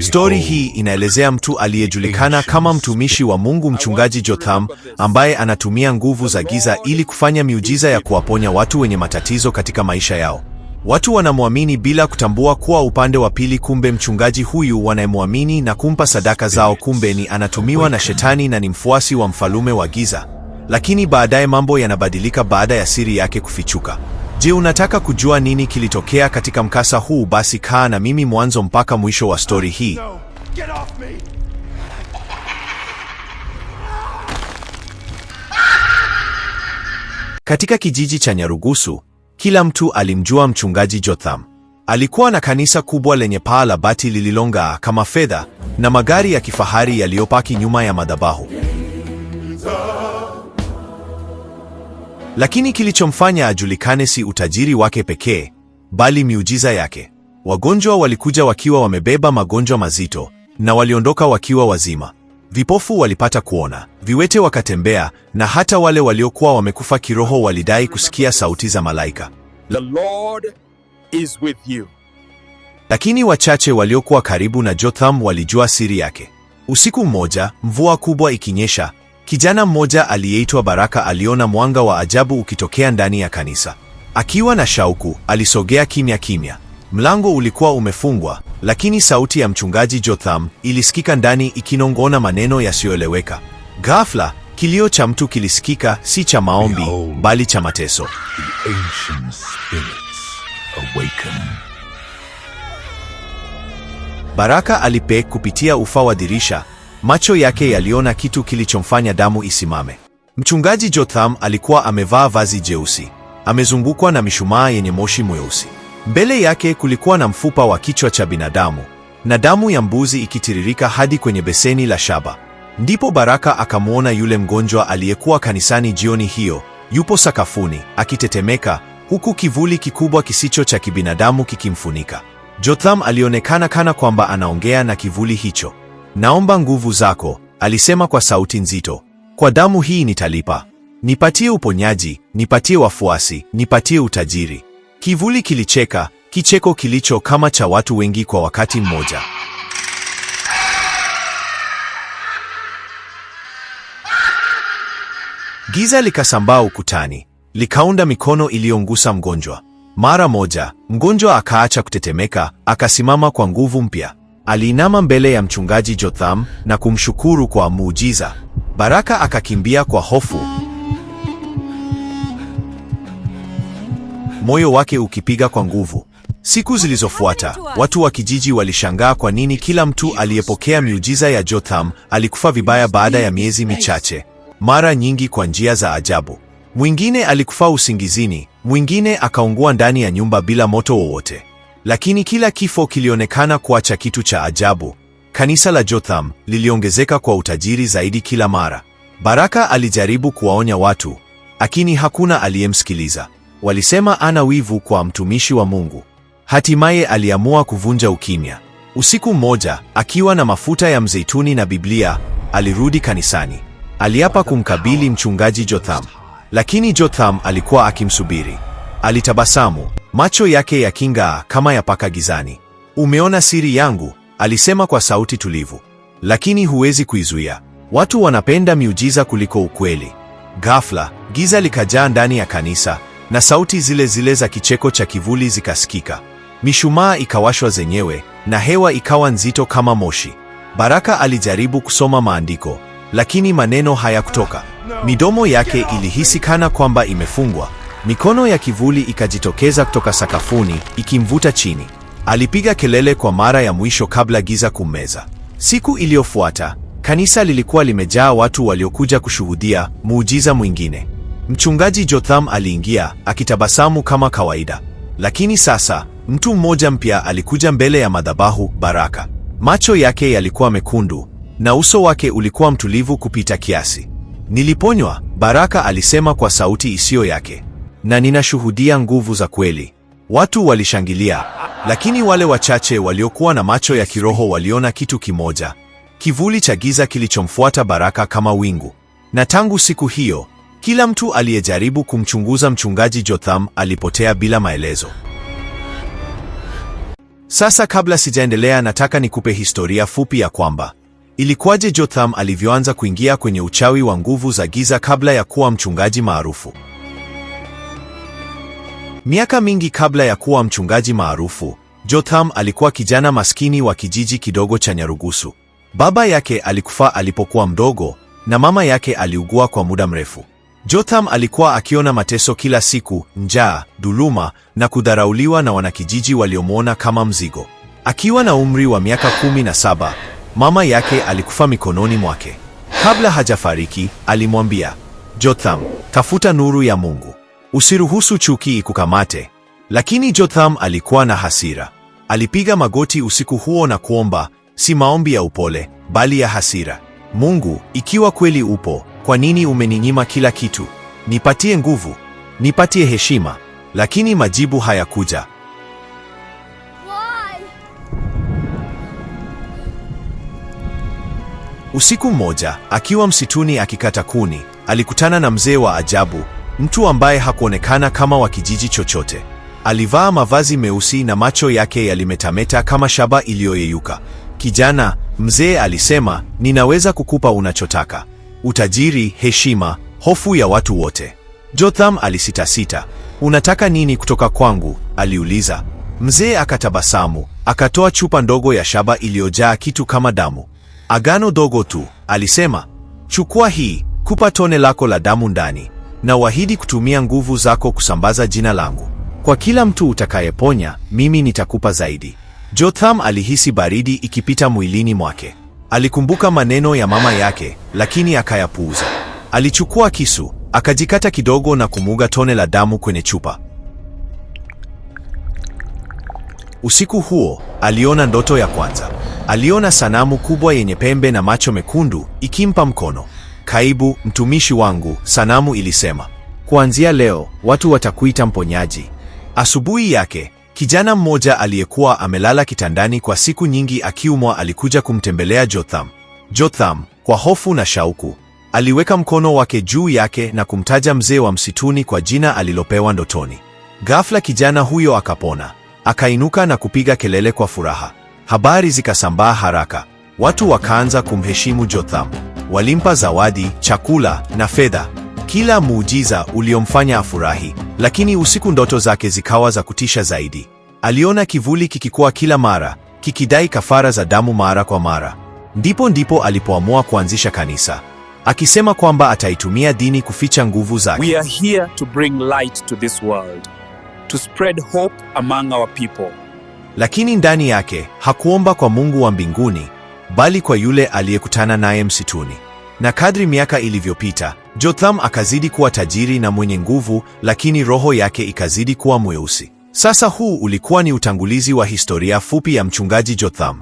Stori hii inaelezea mtu aliyejulikana kama mtumishi wa Mungu, mchungaji Jotham, ambaye anatumia nguvu za giza ili kufanya miujiza ya kuwaponya watu wenye matatizo katika maisha yao. Watu wanamwamini bila kutambua kuwa upande wa pili, kumbe mchungaji huyu wanayemwamini na kumpa sadaka zao, kumbe ni anatumiwa na shetani na ni mfuasi wa mfalume wa giza. Lakini baadaye mambo yanabadilika baada ya siri yake kufichuka. Je, unataka kujua nini kilitokea katika mkasa huu? Basi kaa na mimi mwanzo mpaka mwisho wa stori hii. Katika kijiji cha Nyarugusu, kila mtu alimjua mchungaji Jotham. Alikuwa na kanisa kubwa lenye paa la bati lililong'aa kama fedha na magari ya kifahari yaliyopaki nyuma ya madhabahu. Lakini kilichomfanya ajulikane si utajiri wake pekee, bali miujiza yake. Wagonjwa walikuja wakiwa wamebeba magonjwa mazito na waliondoka wakiwa wazima. Vipofu walipata kuona, viwete wakatembea, na hata wale waliokuwa wamekufa kiroho walidai kusikia sauti za malaika. The Lord is with you. Lakini wachache waliokuwa karibu na Jotham walijua siri yake. Usiku mmoja, mvua kubwa ikinyesha, Kijana mmoja aliyeitwa Baraka aliona mwanga wa ajabu ukitokea ndani ya kanisa. Akiwa na shauku, alisogea kimya kimya. Mlango ulikuwa umefungwa, lakini sauti ya mchungaji Jotham ilisikika ndani ikinong'ona maneno yasiyoeleweka. Ghafla, kilio cha mtu kilisikika, si cha maombi bali cha mateso. Baraka alipe kupitia ufa wa dirisha Macho yake yaliona kitu kilichomfanya damu isimame. Mchungaji Jotham alikuwa amevaa vazi jeusi, amezungukwa na mishumaa yenye moshi mweusi. Mbele yake kulikuwa na mfupa wa kichwa cha binadamu na damu ya mbuzi ikitiririka hadi kwenye beseni la shaba. Ndipo Baraka akamwona yule mgonjwa aliyekuwa kanisani jioni hiyo, yupo sakafuni akitetemeka, huku kivuli kikubwa kisicho cha kibinadamu kikimfunika. Jotham alionekana kana kwamba anaongea na kivuli hicho. Naomba nguvu zako, alisema kwa sauti nzito. Kwa damu hii nitalipa. Nipatie uponyaji, nipatie wafuasi, nipatie utajiri. Kivuli kilicheka, kicheko kilicho kama cha watu wengi kwa wakati mmoja. Giza likasambaa ukutani, likaunda mikono iliyongusa mgonjwa. Mara moja, mgonjwa akaacha kutetemeka, akasimama kwa nguvu mpya. Aliinama mbele ya mchungaji Jotham na kumshukuru kwa muujiza. Baraka akakimbia kwa hofu, moyo wake ukipiga kwa nguvu. Siku zilizofuata watu wa kijiji walishangaa kwa nini kila mtu aliyepokea miujiza ya Jotham alikufa vibaya baada ya miezi michache, mara nyingi kwa njia za ajabu. Mwingine alikufa usingizini, mwingine akaungua ndani ya nyumba bila moto wowote. Lakini kila kifo kilionekana kuwa cha kitu cha ajabu. Kanisa la Jotham liliongezeka kwa utajiri zaidi kila mara. Baraka alijaribu kuwaonya watu, lakini hakuna aliyemsikiliza. Walisema ana wivu kwa mtumishi wa Mungu. Hatimaye aliamua kuvunja ukimya. Usiku mmoja, akiwa na mafuta ya mzeituni na Biblia, alirudi kanisani. Aliapa kumkabili mchungaji Jotham, lakini Jotham alikuwa akimsubiri. Alitabasamu, macho yake yaking'aa kama ya paka gizani. Umeona siri yangu, alisema kwa sauti tulivu, lakini huwezi kuizuia. Watu wanapenda miujiza kuliko ukweli. Ghafla giza likajaa ndani ya kanisa na sauti zile zile za kicheko cha kivuli zikasikika. Mishumaa ikawashwa zenyewe na hewa ikawa nzito kama moshi. Baraka alijaribu kusoma maandiko, lakini maneno hayakutoka. Midomo yake ilihisi kana kwamba imefungwa Mikono ya kivuli ikajitokeza kutoka sakafuni ikimvuta chini. Alipiga kelele kwa mara ya mwisho kabla giza kummeza. Siku iliyofuata kanisa lilikuwa limejaa watu waliokuja kushuhudia muujiza mwingine. Mchungaji Jotham aliingia akitabasamu kama kawaida, lakini sasa mtu mmoja mpya alikuja mbele ya madhabahu Baraka. Macho yake yalikuwa mekundu na uso wake ulikuwa mtulivu kupita kiasi. Niliponywa, Baraka alisema kwa sauti isiyo yake na ninashuhudia nguvu za kweli. Watu walishangilia, lakini wale wachache waliokuwa na macho ya kiroho waliona kitu kimoja, kivuli cha giza kilichomfuata Baraka kama wingu. Na tangu siku hiyo, kila mtu aliyejaribu kumchunguza mchungaji Jotham alipotea bila maelezo. Sasa, kabla sijaendelea, nataka nikupe historia fupi ya kwamba ilikuwaje Jotham alivyoanza kuingia kwenye uchawi wa nguvu za giza kabla ya kuwa mchungaji maarufu. Miaka mingi kabla ya kuwa mchungaji maarufu, Jotham alikuwa kijana maskini wa kijiji kidogo cha Nyarugusu. Baba yake alikufa alipokuwa mdogo na mama yake aliugua kwa muda mrefu. Jotham alikuwa akiona mateso kila siku, njaa, dhuluma na kudharauliwa na wanakijiji waliomwona kama mzigo. Akiwa na umri wa miaka kumi na saba, mama yake alikufa mikononi mwake. Kabla hajafariki, alimwambia Jotham, tafuta nuru ya Mungu. Usiruhusu chuki ikukamate. Lakini Jotham alikuwa na hasira. Alipiga magoti usiku huo na kuomba, si maombi ya upole, bali ya hasira. Mungu, ikiwa kweli upo, kwa nini umeninyima kila kitu? Nipatie nguvu, nipatie heshima. Lakini majibu hayakuja. Usiku mmoja, akiwa msituni akikata kuni, alikutana na mzee wa ajabu mtu ambaye hakuonekana kama wa kijiji chochote. Alivaa mavazi meusi na macho yake yalimetameta kama shaba iliyoyeyuka. Kijana, mzee alisema, ninaweza kukupa unachotaka: utajiri, heshima, hofu ya watu wote. Jotham alisitasita. Unataka nini kutoka kwangu? aliuliza. Mzee akatabasamu, akatoa chupa ndogo ya shaba iliyojaa kitu kama damu. Agano dogo tu, alisema. Chukua hii, kupa tone lako la damu ndani na kutumia nguvu zako kusambaza jina langu. Kwa kila mtu utakayeponya, mimi nitakupa zaidi. Jotham alihisi baridi ikipita mwilini mwake. Alikumbuka maneno ya mama yake, lakini akayapuuza. Alichukua kisu, akajikata kidogo na kumuga tone la damu kwenye chupa. Usiku huo aliona ndoto ya kwanza. Aliona sanamu kubwa yenye pembe na macho mekundu ikimpa mkono. Kaibu mtumishi wangu, sanamu ilisema, kuanzia leo watu watakuita mponyaji. Asubuhi yake kijana mmoja aliyekuwa amelala kitandani kwa siku nyingi akiumwa alikuja kumtembelea Jotham. Jotham kwa hofu na shauku aliweka mkono wake juu yake na kumtaja mzee wa msituni kwa jina alilopewa ndotoni. Ghafla kijana huyo akapona, akainuka na kupiga kelele kwa furaha. Habari zikasambaa haraka, watu wakaanza kumheshimu Jotham walimpa zawadi, chakula na fedha, kila muujiza uliomfanya afurahi. Lakini usiku ndoto zake zikawa za kutisha zaidi. Aliona kivuli kikikuwa kila mara, kikidai kafara za damu mara kwa mara. Ndipo ndipo alipoamua kuanzisha kanisa, akisema kwamba ataitumia dini kuficha nguvu zake. We are here to bring light to this world, to spread hope among our people. Lakini ndani yake hakuomba kwa Mungu wa mbinguni bali kwa yule aliyekutana naye msituni. Na kadri miaka ilivyopita, Jotham akazidi kuwa tajiri na mwenye nguvu, lakini roho yake ikazidi kuwa mweusi. Sasa huu ulikuwa ni utangulizi wa historia fupi ya mchungaji Jotham.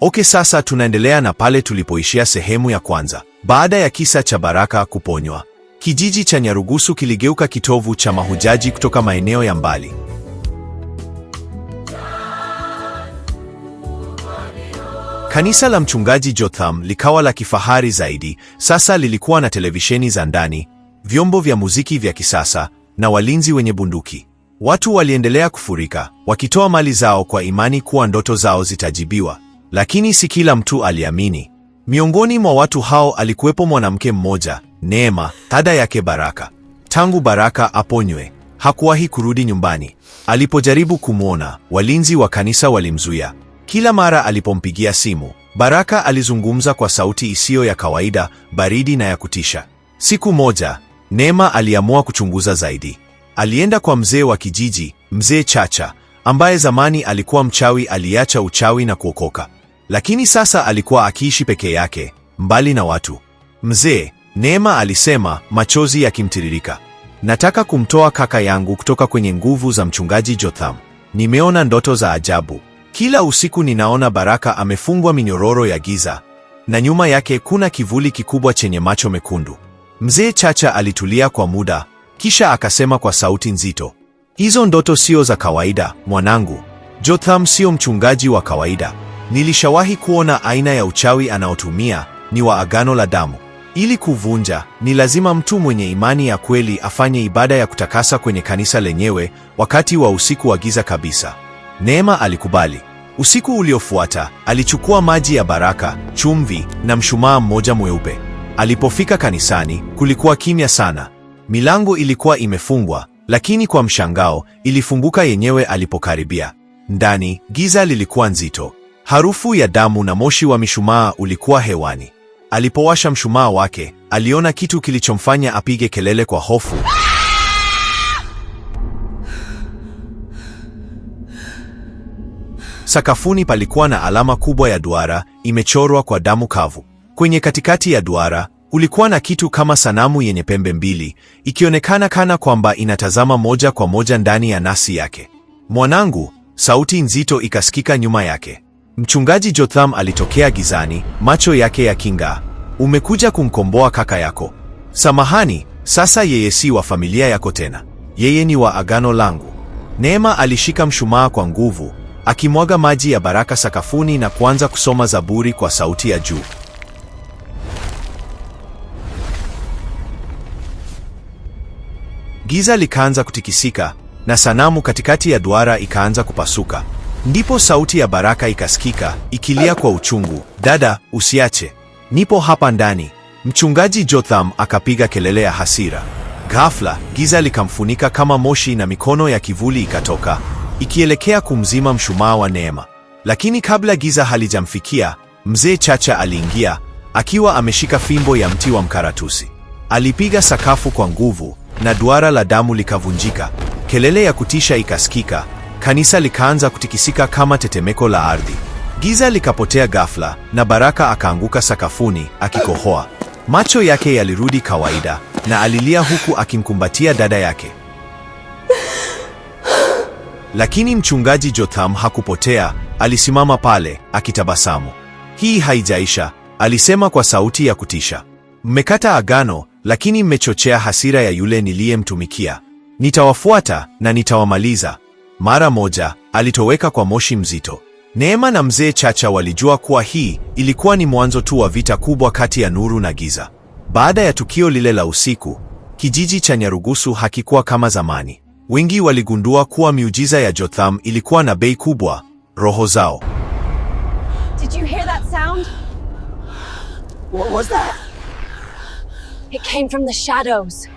Oke, sasa tunaendelea na pale tulipoishia sehemu ya kwanza. Baada ya kisa cha Baraka kuponywa, kijiji cha Nyarugusu kiligeuka kitovu cha mahujaji kutoka maeneo ya mbali. Kanisa la mchungaji Jotham likawa la kifahari zaidi. Sasa lilikuwa na televisheni za ndani, vyombo vya muziki vya kisasa na walinzi wenye bunduki. Watu waliendelea kufurika, wakitoa mali zao kwa imani kuwa ndoto zao zitajibiwa, lakini si kila mtu aliamini. Miongoni mwa watu hao alikuwepo mwanamke mmoja, Neema, dada yake Baraka. Tangu Baraka aponywe, hakuwahi kurudi nyumbani. Alipojaribu kumwona, walinzi wa kanisa walimzuia. Kila mara alipompigia simu, Baraka alizungumza kwa sauti isiyo ya kawaida, baridi na ya kutisha. Siku moja, Neema aliamua kuchunguza zaidi. Alienda kwa mzee wa kijiji, Mzee Chacha, ambaye zamani alikuwa mchawi, aliacha uchawi na kuokoka. Lakini sasa alikuwa akiishi peke yake, mbali na watu. Mzee, Neema alisema, machozi yakimtiririka. Nataka kumtoa kaka yangu kutoka kwenye nguvu za mchungaji Jotham. Nimeona ndoto za ajabu. Kila usiku ninaona Baraka amefungwa minyororo ya giza na nyuma yake kuna kivuli kikubwa chenye macho mekundu. Mzee Chacha alitulia kwa muda, kisha akasema kwa sauti nzito, hizo ndoto sio za kawaida mwanangu. Jotham sio mchungaji wa kawaida. Nilishawahi kuona aina ya uchawi anaotumia ni wa agano la damu. Ili kuvunja, ni lazima mtu mwenye imani ya kweli afanye ibada ya kutakasa kwenye kanisa lenyewe wakati wa usiku wa giza kabisa. Neema alikubali. Usiku uliofuata alichukua maji ya baraka, chumvi na mshumaa mmoja mweupe. Alipofika kanisani, kulikuwa kimya sana. Milango ilikuwa imefungwa, lakini kwa mshangao ilifunguka yenyewe alipokaribia. Ndani giza lilikuwa nzito, harufu ya damu na moshi wa mishumaa ulikuwa hewani. Alipowasha mshumaa wake, aliona kitu kilichomfanya apige kelele kwa hofu. Sakafuni palikuwa na alama kubwa ya duara imechorwa kwa damu kavu. Kwenye katikati ya duara ulikuwa na kitu kama sanamu yenye pembe mbili, ikionekana kana kwamba inatazama moja kwa moja ndani ya nafsi yake. Mwanangu, sauti nzito ikasikika nyuma yake. Mchungaji Jotham alitokea gizani, macho yake yaking'aa. Umekuja kumkomboa kaka yako. Samahani, sasa yeye si wa familia yako tena, yeye ni wa agano langu. Neema alishika mshumaa kwa nguvu, akimwaga maji ya baraka sakafuni na kuanza kusoma Zaburi kwa sauti ya juu. Giza likaanza kutikisika na sanamu katikati ya duara ikaanza kupasuka. Ndipo sauti ya Baraka ikasikika ikilia kwa uchungu, dada, usiache, nipo hapa ndani. Mchungaji Jotham akapiga kelele ya hasira. Ghafla giza likamfunika kama moshi na mikono ya kivuli ikatoka ikielekea kumzima mshumaa wa Neema. Lakini kabla giza halijamfikia, mzee Chacha aliingia akiwa ameshika fimbo ya mti wa mkaratusi. Alipiga sakafu kwa nguvu na duara la damu likavunjika. Kelele ya kutisha ikasikika, kanisa likaanza kutikisika kama tetemeko la ardhi. Giza likapotea ghafla na Baraka akaanguka sakafuni akikohoa. Macho yake yalirudi kawaida na alilia huku akimkumbatia dada yake. Lakini mchungaji Jotham hakupotea, alisimama pale akitabasamu. Hii haijaisha, alisema kwa sauti ya kutisha. Mmekata agano, lakini mmechochea hasira ya yule niliyemtumikia. Nitawafuata na nitawamaliza. Mara moja alitoweka kwa moshi mzito. Neema na mzee Chacha walijua kuwa hii ilikuwa ni mwanzo tu wa vita kubwa kati ya nuru na giza. Baada ya tukio lile la usiku, kijiji cha Nyarugusu hakikuwa kama zamani wengi waligundua kuwa miujiza ya Jotham ilikuwa na bei kubwa: roho zao. Did you hear that sound? What was that? It came from the shadows.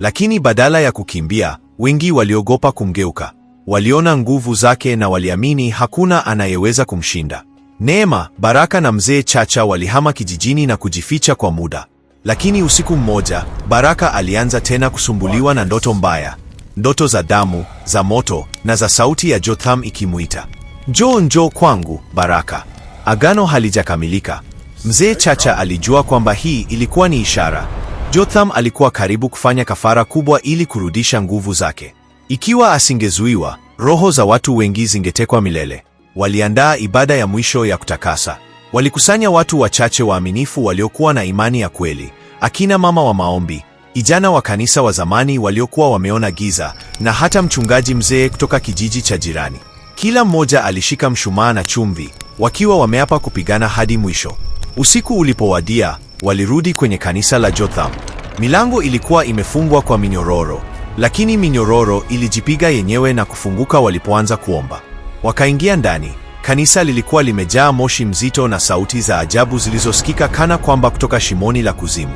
Lakini badala ya kukimbia, wengi waliogopa kumgeuka. Waliona nguvu zake na waliamini hakuna anayeweza kumshinda. Neema, Baraka na mzee Chacha walihama kijijini na kujificha kwa muda. Lakini usiku mmoja, Baraka alianza tena kusumbuliwa na ndoto mbaya ndoto za damu, za moto na za sauti ya Jotham ikimuita njoo, njoo kwangu Baraka. Agano halijakamilika. Mzee Chacha alijua kwamba hii ilikuwa ni ishara. Jotham alikuwa karibu kufanya kafara kubwa ili kurudisha nguvu zake. Ikiwa asingezuiwa, roho za watu wengi zingetekwa milele. Waliandaa ibada ya mwisho ya kutakasa. Walikusanya watu wachache waaminifu waliokuwa na imani ya kweli, akina mama wa maombi Vijana wa kanisa wa zamani waliokuwa wameona giza na hata mchungaji mzee kutoka kijiji cha jirani. Kila mmoja alishika mshumaa na chumvi, wakiwa wameapa kupigana hadi mwisho. Usiku ulipowadia, walirudi kwenye kanisa la Jotham. Milango ilikuwa imefungwa kwa minyororo, lakini minyororo ilijipiga yenyewe na kufunguka walipoanza kuomba. Wakaingia ndani. Kanisa lilikuwa limejaa moshi mzito na sauti za ajabu zilizosikika kana kwamba kutoka shimoni la kuzimu.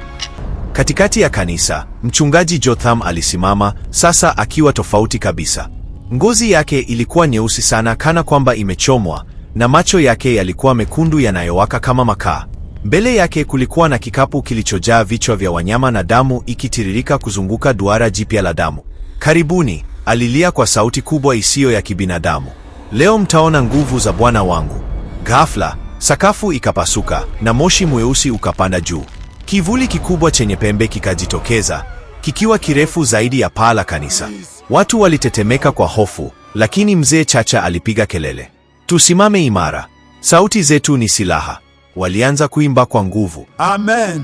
Katikati ya kanisa, mchungaji Jotham alisimama sasa akiwa tofauti kabisa. Ngozi yake ilikuwa nyeusi sana kana kwamba imechomwa na macho yake yalikuwa mekundu yanayowaka kama makaa. Mbele yake kulikuwa na kikapu kilichojaa vichwa vya wanyama na damu ikitiririka kuzunguka duara jipya la damu. Karibuni, alilia kwa sauti kubwa isiyo ya kibinadamu. Leo mtaona nguvu za Bwana wangu. Ghafla, sakafu ikapasuka na moshi mweusi ukapanda juu. Kivuli kikubwa chenye pembe kikajitokeza, kikiwa kirefu zaidi ya paa la kanisa. Watu walitetemeka kwa hofu, lakini mzee Chacha alipiga kelele, tusimame imara, sauti zetu ni silaha. Walianza kuimba kwa nguvu, amen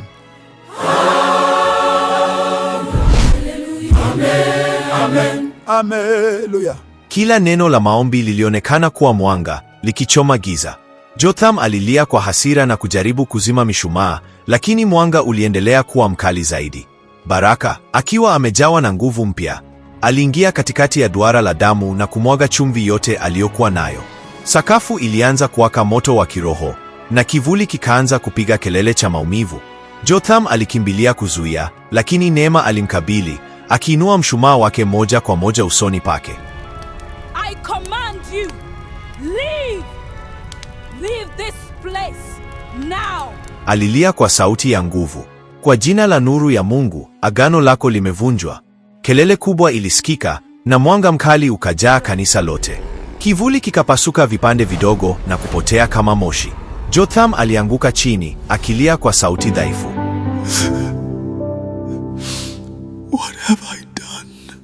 Ameluya. Kila neno la maombi lilionekana kuwa mwanga likichoma giza. Jotham alilia kwa hasira na kujaribu kuzima mishumaa, lakini mwanga uliendelea kuwa mkali zaidi. Baraka, akiwa amejawa na nguvu mpya, aliingia katikati ya duara la damu na kumwaga chumvi yote aliyokuwa nayo. Sakafu ilianza kuwaka moto wa kiroho na kivuli kikaanza kupiga kelele cha maumivu. Jotham alikimbilia kuzuia, lakini Neema alimkabili, akiinua mshumaa wake moja kwa moja usoni pake. I command you, leave. Leave this place now. Alilia kwa sauti ya nguvu. Kwa jina la nuru ya Mungu, agano lako limevunjwa. Kelele kubwa ilisikika na mwanga mkali ukajaa kanisa lote. Kivuli kikapasuka vipande vidogo na kupotea kama moshi. Jotham alianguka chini akilia kwa sauti dhaifu. What have I done?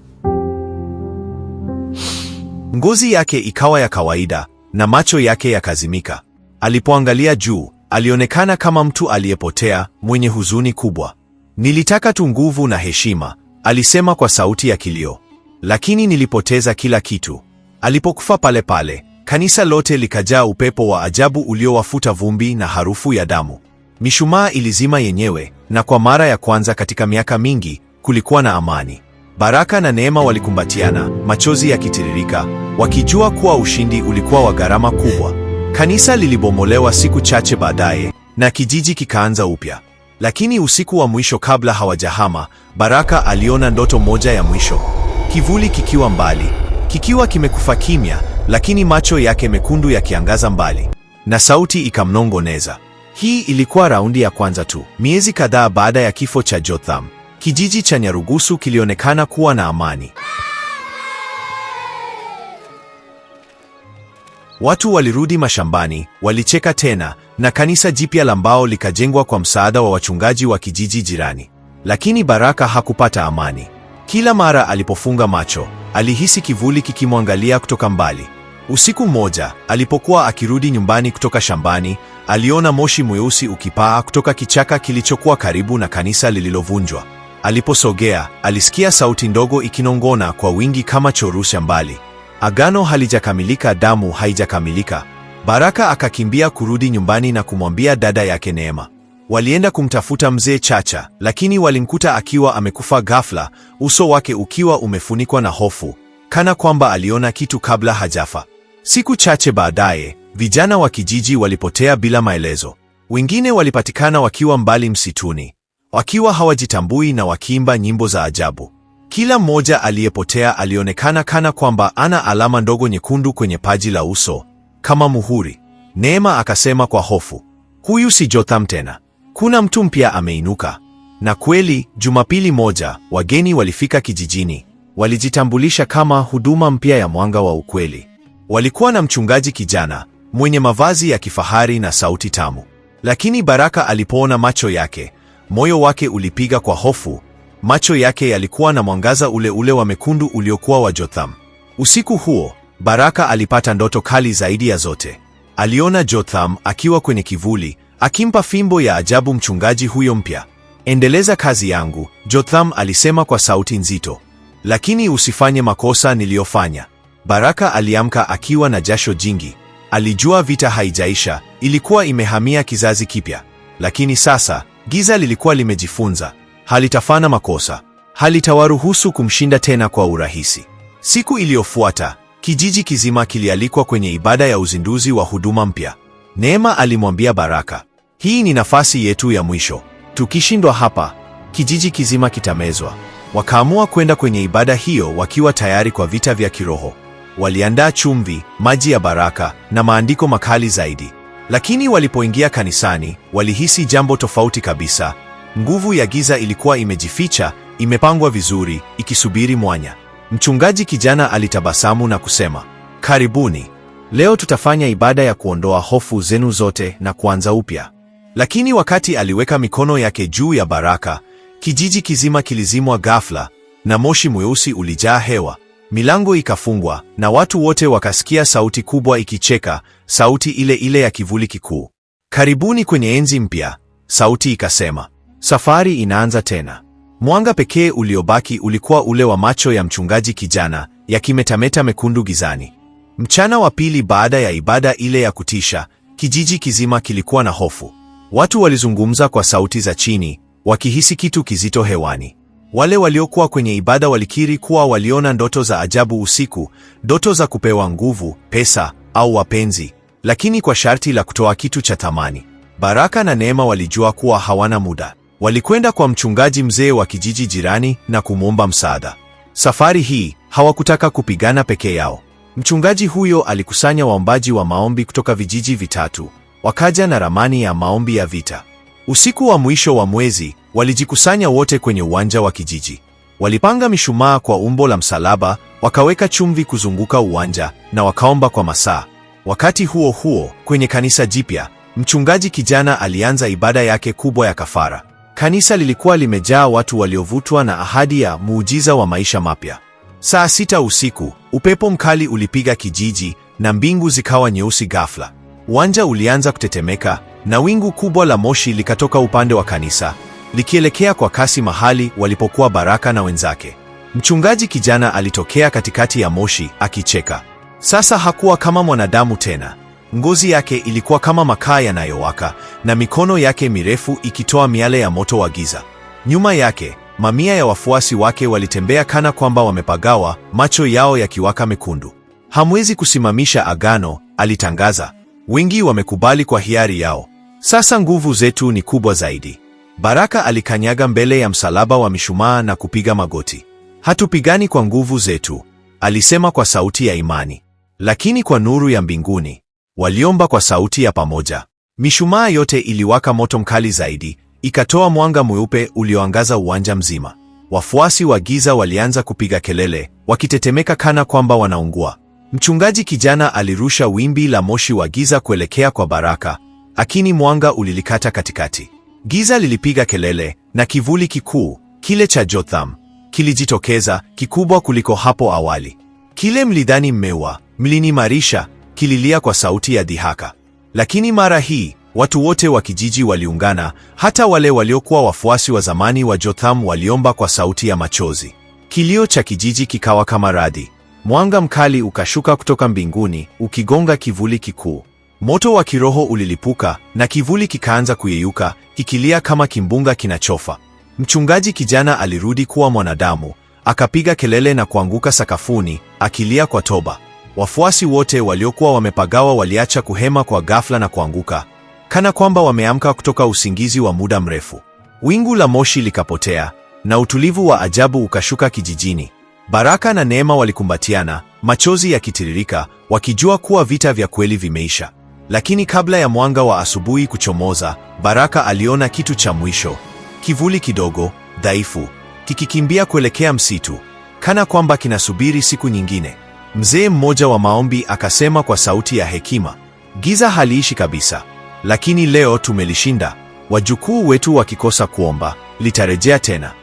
Ngozi yake ikawa ya kawaida na macho yake yakazimika. Alipoangalia juu, alionekana kama mtu aliyepotea, mwenye huzuni kubwa. Nilitaka tu nguvu na heshima, alisema kwa sauti ya kilio, lakini nilipoteza kila kitu. Alipokufa pale pale, kanisa lote likajaa upepo wa ajabu uliowafuta vumbi na harufu ya damu. Mishumaa ilizima yenyewe, na kwa mara ya kwanza katika miaka mingi kulikuwa na amani. Baraka na Neema walikumbatiana, machozi yakitiririka, wakijua kuwa ushindi ulikuwa wa gharama kubwa. Kanisa lilibomolewa siku chache baadaye na kijiji kikaanza upya. Lakini usiku wa mwisho kabla hawajahama, Baraka aliona ndoto moja ya mwisho, kivuli kikiwa mbali, kikiwa kimekufa kimya, lakini macho yake mekundu yakiangaza mbali, na sauti ikamnongoneza. Hii ilikuwa raundi ya kwanza tu, miezi kadhaa baada ya kifo cha Jotham. Kijiji cha Nyarugusu kilionekana kuwa na amani. Watu walirudi mashambani, walicheka tena, na kanisa jipya la mbao likajengwa kwa msaada wa wachungaji wa kijiji jirani. Lakini Baraka hakupata amani. Kila mara alipofunga macho, alihisi kivuli kikimwangalia kutoka mbali. Usiku mmoja, alipokuwa akirudi nyumbani kutoka shambani, aliona moshi mweusi ukipaa kutoka kichaka kilichokuwa karibu na kanisa lililovunjwa. Aliposogea alisikia sauti ndogo ikinong'ona kwa wingi kama chorusha mbali agano halijakamilika, damu haijakamilika. Baraka akakimbia kurudi nyumbani na kumwambia dada yake Neema. Walienda kumtafuta mzee Chacha, lakini walimkuta akiwa amekufa ghafla, uso wake ukiwa umefunikwa na hofu, kana kwamba aliona kitu kabla hajafa. Siku chache baadaye, vijana wa kijiji walipotea bila maelezo. Wengine walipatikana wakiwa mbali msituni, wakiwa hawajitambui na wakiimba nyimbo za ajabu. Kila mmoja aliyepotea alionekana kana kwamba ana alama ndogo nyekundu kwenye paji la uso kama muhuri. Neema akasema kwa hofu, huyu si Jotham tena, kuna mtu mpya ameinuka. Na kweli, Jumapili moja wageni walifika kijijini, walijitambulisha kama huduma mpya ya Mwanga wa Ukweli. Walikuwa na mchungaji kijana mwenye mavazi ya kifahari na sauti tamu, lakini Baraka alipoona macho yake moyo wake ulipiga kwa hofu, macho yake yalikuwa na mwangaza ule ule wa mekundu uliokuwa wa Jotham. Usiku huo Baraka alipata ndoto kali zaidi ya zote. Aliona Jotham akiwa kwenye kivuli akimpa fimbo ya ajabu mchungaji huyo mpya. Endeleza kazi yangu, Jotham alisema kwa sauti nzito, lakini usifanye makosa niliyofanya. Baraka aliamka akiwa na jasho jingi. Alijua vita haijaisha, ilikuwa imehamia kizazi kipya, lakini sasa Giza lilikuwa limejifunza, halitafana makosa, halitawaruhusu kumshinda tena kwa urahisi. Siku iliyofuata, kijiji kizima kilialikwa kwenye ibada ya uzinduzi wa huduma mpya. Neema alimwambia Baraka, hii ni nafasi yetu ya mwisho. Tukishindwa hapa, kijiji kizima kitamezwa. Wakaamua kwenda kwenye ibada hiyo wakiwa tayari kwa vita vya kiroho. Waliandaa chumvi, maji ya baraka na maandiko makali zaidi. Lakini walipoingia kanisani, walihisi jambo tofauti kabisa. Nguvu ya giza ilikuwa imejificha, imepangwa vizuri, ikisubiri mwanya. Mchungaji kijana alitabasamu na kusema, "Karibuni. Leo tutafanya ibada ya kuondoa hofu zenu zote na kuanza upya." Lakini wakati aliweka mikono yake juu ya baraka, kijiji kizima kilizimwa ghafla na moshi mweusi ulijaa hewa. Milango ikafungwa na watu wote wakasikia sauti kubwa ikicheka sauti ile ile ya kivuli kikuu. Karibuni kwenye enzi mpya, sauti ikasema. Safari inaanza tena. Mwanga pekee uliobaki ulikuwa ule wa macho ya mchungaji kijana yakimetameta mekundu gizani. Mchana wa pili baada ya ibada ile ya kutisha, kijiji kizima kilikuwa na hofu. Watu walizungumza kwa sauti za chini, wakihisi kitu kizito hewani. Wale waliokuwa kwenye ibada walikiri kuwa waliona ndoto za ajabu usiku, ndoto za kupewa nguvu, pesa au wapenzi lakini kwa sharti la kutoa kitu cha thamani. Baraka na Neema walijua kuwa hawana muda. Walikwenda kwa mchungaji mzee wa kijiji jirani na kumwomba msaada. Safari hii hawakutaka kupigana peke yao. Mchungaji huyo alikusanya waombaji wa maombi kutoka vijiji vitatu, wakaja na ramani ya maombi ya vita. Usiku wa mwisho wa mwezi walijikusanya wote kwenye uwanja wa kijiji. Walipanga mishumaa kwa umbo la msalaba, wakaweka chumvi kuzunguka uwanja na wakaomba kwa masaa. Wakati huo huo, kwenye kanisa jipya, mchungaji kijana alianza ibada yake kubwa ya kafara. Kanisa lilikuwa limejaa watu waliovutwa na ahadi ya muujiza wa maisha mapya. Saa sita usiku, upepo mkali ulipiga kijiji na mbingu zikawa nyeusi ghafla. Uwanja ulianza kutetemeka na wingu kubwa la moshi likatoka upande wa kanisa, likielekea kwa kasi mahali walipokuwa Baraka na wenzake. Mchungaji kijana alitokea katikati ya moshi akicheka. Sasa hakuwa kama mwanadamu tena. Ngozi yake ilikuwa kama makaa yanayowaka na mikono yake mirefu ikitoa miale ya moto wa giza. Nyuma yake, mamia ya wafuasi wake walitembea kana kwamba wamepagawa, macho yao yakiwaka mekundu. Hamwezi kusimamisha agano, alitangaza. Wengi wamekubali kwa hiari yao. Sasa nguvu zetu ni kubwa zaidi. Baraka alikanyaga mbele ya msalaba wa mishumaa na kupiga magoti. Hatupigani kwa nguvu zetu, alisema kwa sauti ya imani. Lakini kwa nuru ya mbinguni, waliomba kwa sauti ya pamoja. Mishumaa yote iliwaka moto mkali zaidi, ikatoa mwanga mweupe ulioangaza uwanja mzima. Wafuasi wa giza walianza kupiga kelele, wakitetemeka kana kwamba wanaungua. Mchungaji kijana alirusha wimbi la moshi wa giza kuelekea kwa Baraka, lakini mwanga ulilikata katikati. Giza lilipiga kelele na kivuli kikuu, kile cha Jotham, kilijitokeza, kikubwa kuliko hapo awali. Kile mlidhani mmeua mlinimarisha, kililia kwa sauti ya dhihaka. Lakini mara hii watu wote wa kijiji waliungana, hata wale waliokuwa wafuasi wa zamani wa Jotham waliomba kwa sauti ya machozi. Kilio cha kijiji kikawa kama radi. Mwanga mkali ukashuka kutoka mbinguni ukigonga kivuli kikuu. Moto wa kiroho ulilipuka na kivuli kikaanza kuyeyuka kikilia kama kimbunga kinachofa. Mchungaji kijana alirudi kuwa mwanadamu, akapiga kelele na kuanguka sakafuni akilia kwa toba. Wafuasi wote waliokuwa wamepagawa waliacha kuhema kwa ghafla na kuanguka kana kwamba wameamka kutoka usingizi wa muda mrefu. Wingu la moshi likapotea na utulivu wa ajabu ukashuka kijijini. Baraka na Neema walikumbatiana, machozi yakitiririka, wakijua kuwa vita vya kweli vimeisha. Lakini kabla ya mwanga wa asubuhi kuchomoza, Baraka aliona kitu cha mwisho, kivuli kidogo dhaifu kikikimbia kuelekea msitu, kana kwamba kinasubiri siku nyingine. Mzee mmoja wa maombi akasema kwa sauti ya hekima, giza haliishi kabisa, lakini leo tumelishinda. Wajukuu wetu wakikosa kuomba, litarejea tena.